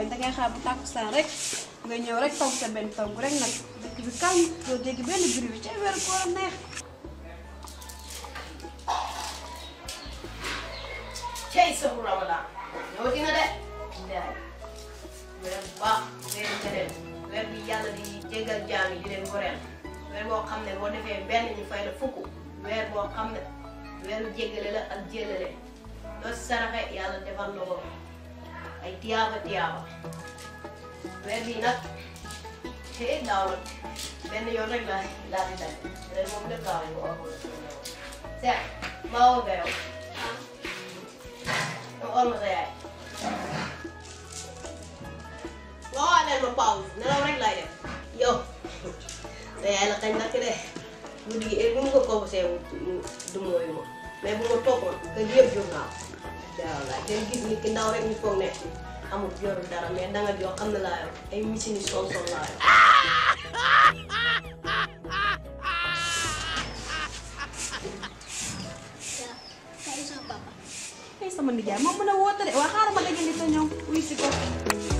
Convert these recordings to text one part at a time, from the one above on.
waaye dangay xaar bu tàkkusaan rek nga ñëw rek togg sa benn togg rek nag dëkk bi calme doo dégg ñëw dina de ndaay weer bu baax weer beneen weer bi yàlla di jégal jaam yi di leen goreel weer boo xam ne boo defee benn ñu fay la fukk weer boo xam ne weeru jéggale la ak jéllale loolu saraxe yàlla defal na ai tia ba tia về đi nát thế nào lắm bên này yolak là là đi đây đây muốn được cài của ông sẽ mau về ông ôm rồi đó đây một bầu nó đâu đánh lại được yo đây là cái nát cái đây Budi, eh, bunga kau Mẹ muốn mo. May cái gì ở dia nào? daaw laa del gis nit ki ndaw rek ñu foog ne amul yoru dara mais danga joo xam ne ay sama nijaay moom mën a woote de ko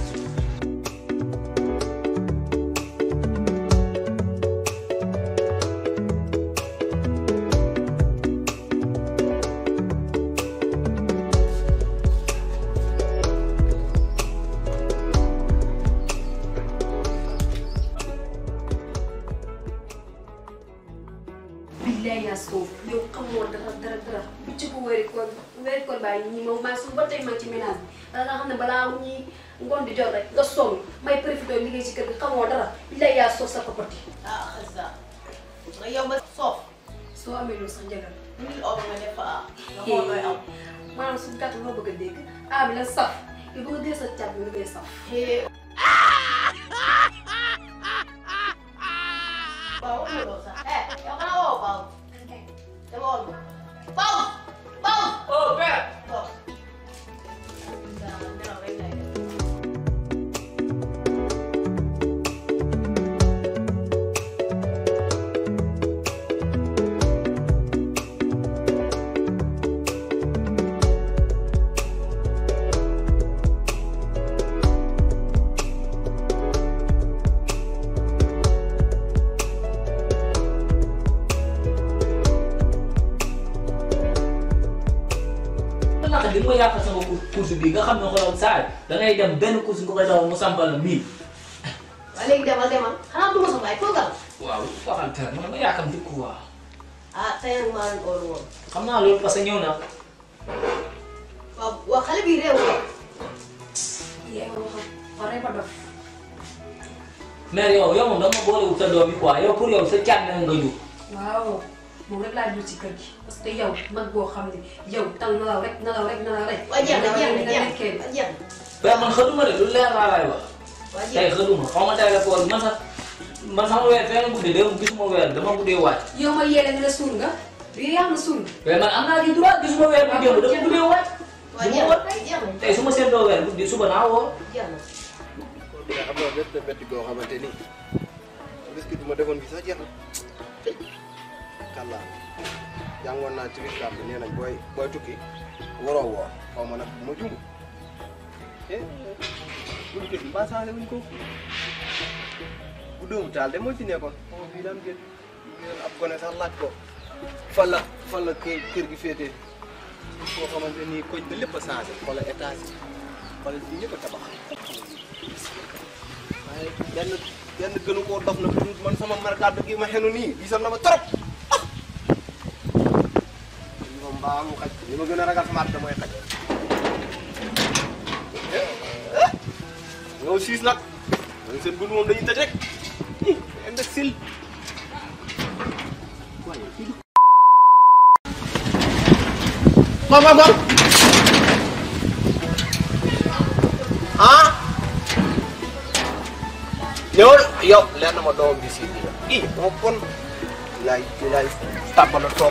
ya suuf yow kamu dara dara dara bu ci ko wéri koon wéri koon bàyyi ñi moom maa su ba tey ma ci ménage bi da nga xam ne balaa ñi ngoon di jot rek nga sonn may profité liggéey ci kër gi ah kaza, nga yow ba soof soo amee loolu sax njëgal apa, euro nga def ah nga xool looy am maanaam suñu kàttan loo bëgg a ah bi la saf yow bëgg a dee sa nga xam ne xoolal saay da ngay dem benn course nga koy dawal mu sampal la 1000. waaw demal demal xanaa du ma soxla ay toogal. waaw waxante rek man ma yaakaar dëkk waa. ah tayal maa leen oolu woon. xam naa loolu parce que ñëw na. waaw waaw xale bi réew la. yow xoree ba dof. mais yow yow moom dama boole wutal doom yi quoi yow pour yow sa caat nga jóg. waaw. moom rek laa jur ci kër gi parce que yow mag boo xam ne yow tal nalaw rek nalaw rek nalaw rek. waa jeex na jeex na jeex na man xëduma de lu leer laa lay wax. waa jeex na tey xëduma xaw ma tey la ko man sax man sama weer fenn guddi de gisuma weer dama guddee wàcc. yow ma yeele nga ne suur nga lii yaa ma suur. mais man am di droit gisuma weer bu démb dama guddee wàcc. waa jeex na tey su ma seetloo weer guddi suba naa woo. jeex na. kon dina xam nga bett bett goo xamante ni risque bi ma defoon bi sax jeex na kala jangon na ci lislaam bi nee nañ boy booy tukki woro wo xaw ma nag bu ma jumb eh buñ jël ba saale wuñ ko bu doomu taal de mo ci oh, nekkoon xaw fi daan gel ñu ab gone sax lacc ko fa la fa la ke keur gi féetee ko xamanteni ni koñ ba lépp a changé xoolal étage yi xoolal fii ñëpp tabax waaye ben benn gënu ko dof na man sama markaat gi ma xenu ni gisal na ma trop mbaa mu xaj li ma gën a ragal sama àdduna mooy xaj ñoo siis nag dañ seen gund moom dañuy tëj rek imbécile Mam, mam, mam. Ah? Yo, yo, lihat nama dong di sini. Ih, maupun nilai nilai tak the top.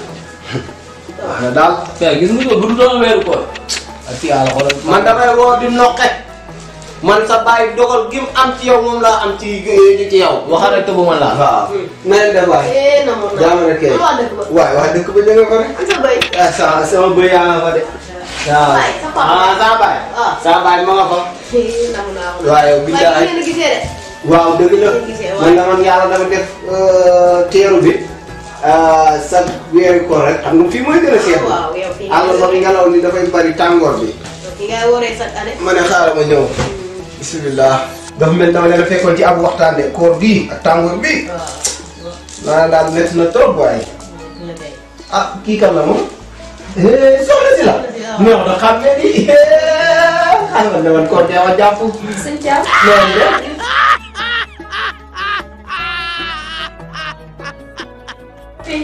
Ada, daal. waaw gis nga ko bu doon weeru koor. ak yàlla man damay woo di man sa dogal gim am ci yow moom laa am ci ci yow. waxal rek na dem eh na moom laa ne kay. waay waay dëkk ba ko rek. sa sa sama bëy yaa de. ah sa baay. sa baay ma nga fa. waaw yow bi jaay. waaw dëgg la. man dama dama def bi. Euh, sa weeru rek xam nga fii mooy gën a seetlu. Ah, waaw yow fii àll ngelaw li dafay bari tàngoor bi. ki ngay ma ne xaaral ma ñëw. Hmm. bisimilah. dafa mel dama leen fekkoon ci ab waxtaan de koor bii ak tàngoor bi ah, waaw waaw daal métti na trop waaye. Hmm, ah, kii kan la moom. Eh, soxna si la. neex na xam ne ni eh, xaaral ne man koor jaaw a jàpp. sëñ Thiam.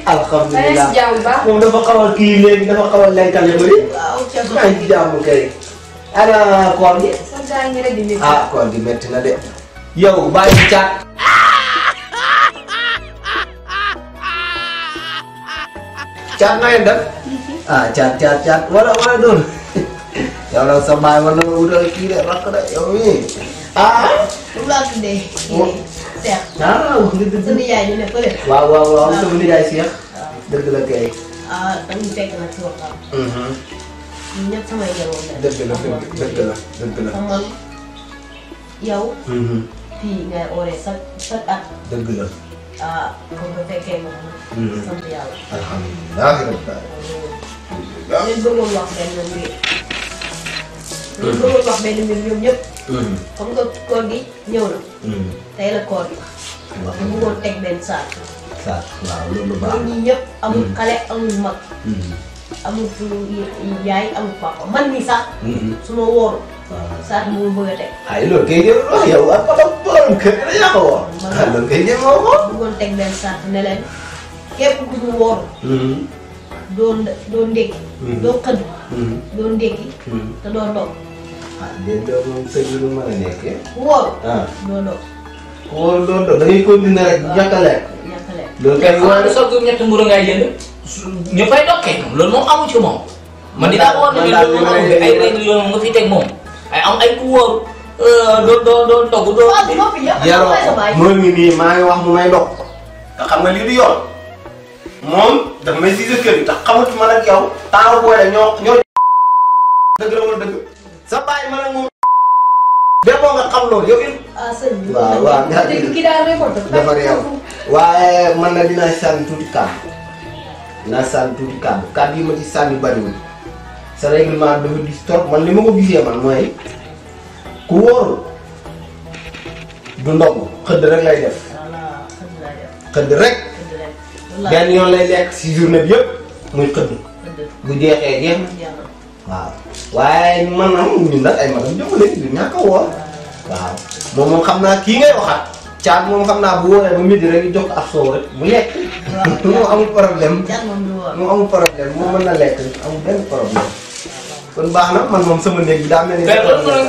alhamdulilah moom dafa xaw a kii léegi dafa xaw a lenkale bëri. waaw ca ci jàmm kay. ana koor gi. ah koor gi métti na de. yow bàyyi caat. caat na ngeen def. ah caat caat caat wala wala doon. yow nag sa baay de ah wax nga dëgg. sunu yaay ñu ne fële. waaw waaw waaw sama nijaay Cheikh. dëgg la kay. ah dañu fekk nag ci waxtaan. ñun ñëpp samay njaboot la. dëgg la dëgg la dëgg la. man yow. fii ngay ooree sa sa at. dëgg la. ah kon bu fekkee ma sant yàlla. alhamdulilah. leen bëggoon wax benn mbir. Ừ. là Minggu bak benim bilmiyorum yok. Onu da koydu, yiyorum. Teyla koydu. Minggu onu tek ben sar. Sar, wow, lu lu bak. Minggu yok, amu kale amu mak. Amu tu yai amu pak. Man misa, semua war. Sar mulu boleh tek. Hai lu kayaknya lu ya apa nhau, pun luôn cái Kalau kayaknya không kau. Bukan tek ben sar, nelayan. Kau bukan war. Don don dek, don kedu, don deki, te don dok. ah déedéet moom sëñ bi lu mën a nekkee. wóor. ah doo doog. wóor a lekk. ñàkk a lekk loolu kenn wóor la soog ñetti mburu ngay jënd. ñu fay moom amu ci moom. man dinaa ko war ne moom nga fi teg moom ay am ay ku wóor euh, doo doo doo togg doo. jaroo moom mi nii maa ngi wax mu may dog. nga xam nga lii du yoon. moom dafa may siise kër yi tax xamatuma nag yow. taawu boole ñoo ñoo. dëgg la wala dëgg. sa baay ma lang moom demoo nga xam loolu Wah, it waaw waaw nga dafa réew waaye man na dinaa sànni tuuti kàddu dinaa sànni tuuti kàddu kàddu yi ma ci sànni bariwul sa règlement dafa gis trop man li ma ko gisee man mooy ku wóoru du ndog xëdd si waaw nah, waaye nah, kan man am ñun nag ay magam ñoo wah, léegi du ñàkk a woor waaw moom moom xam naa kii ngay waxaat caat moom xam naa bu wooree ba midi rek jox ko ab soow rek mu lekk moom amul problème moom amul problème moom mën na lekk amul benn problème kon baax na man moom sama mau bi daa mau ni. mais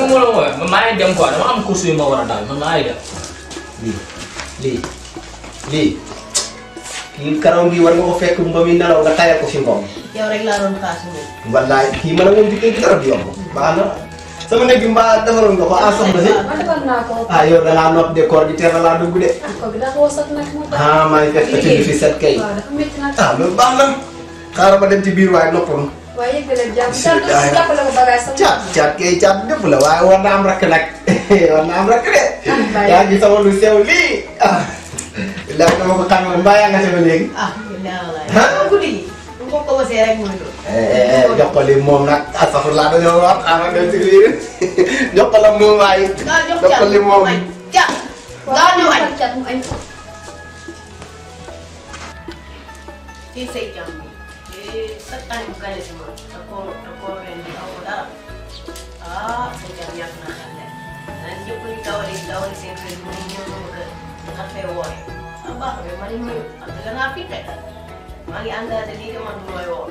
loolu nga karaw gi war nga aku fekk mbami nalaw nga tayal ko fi ngom yow rek laa doon xaas mo wallahi kii mën sama nekk mbaa defaloon nga ko ah soxna si ah yow da laa nopp de koor gi teel laa dugg de ah maa ngi fekk ci fi set kay ah loolu baax na xaaral ma dem ci biir waaye noppam waaye yëgale jàmm jàppale ko bagage sama caat caat kay caat dëpp la waaye war na am rakk nag war na am rakk Billahi dama ko xamal mbaa yaa nga ah billahi eh, eh, eh, wallahi. ah guddi bu ko ko wasee eh mooy loolu. jox ko li moom nag astafurlaa dañoo wax ah nga ci lii ko la moom ko li moom. ja gaaw ñu añ. ci ah sejam yang yàgg naa xam ne. naan ñëpp ñu dawali dawali ndax fee woote ah baax na ma ni muy am na danaa fi teg maa ngi engagé lii de man du may woo.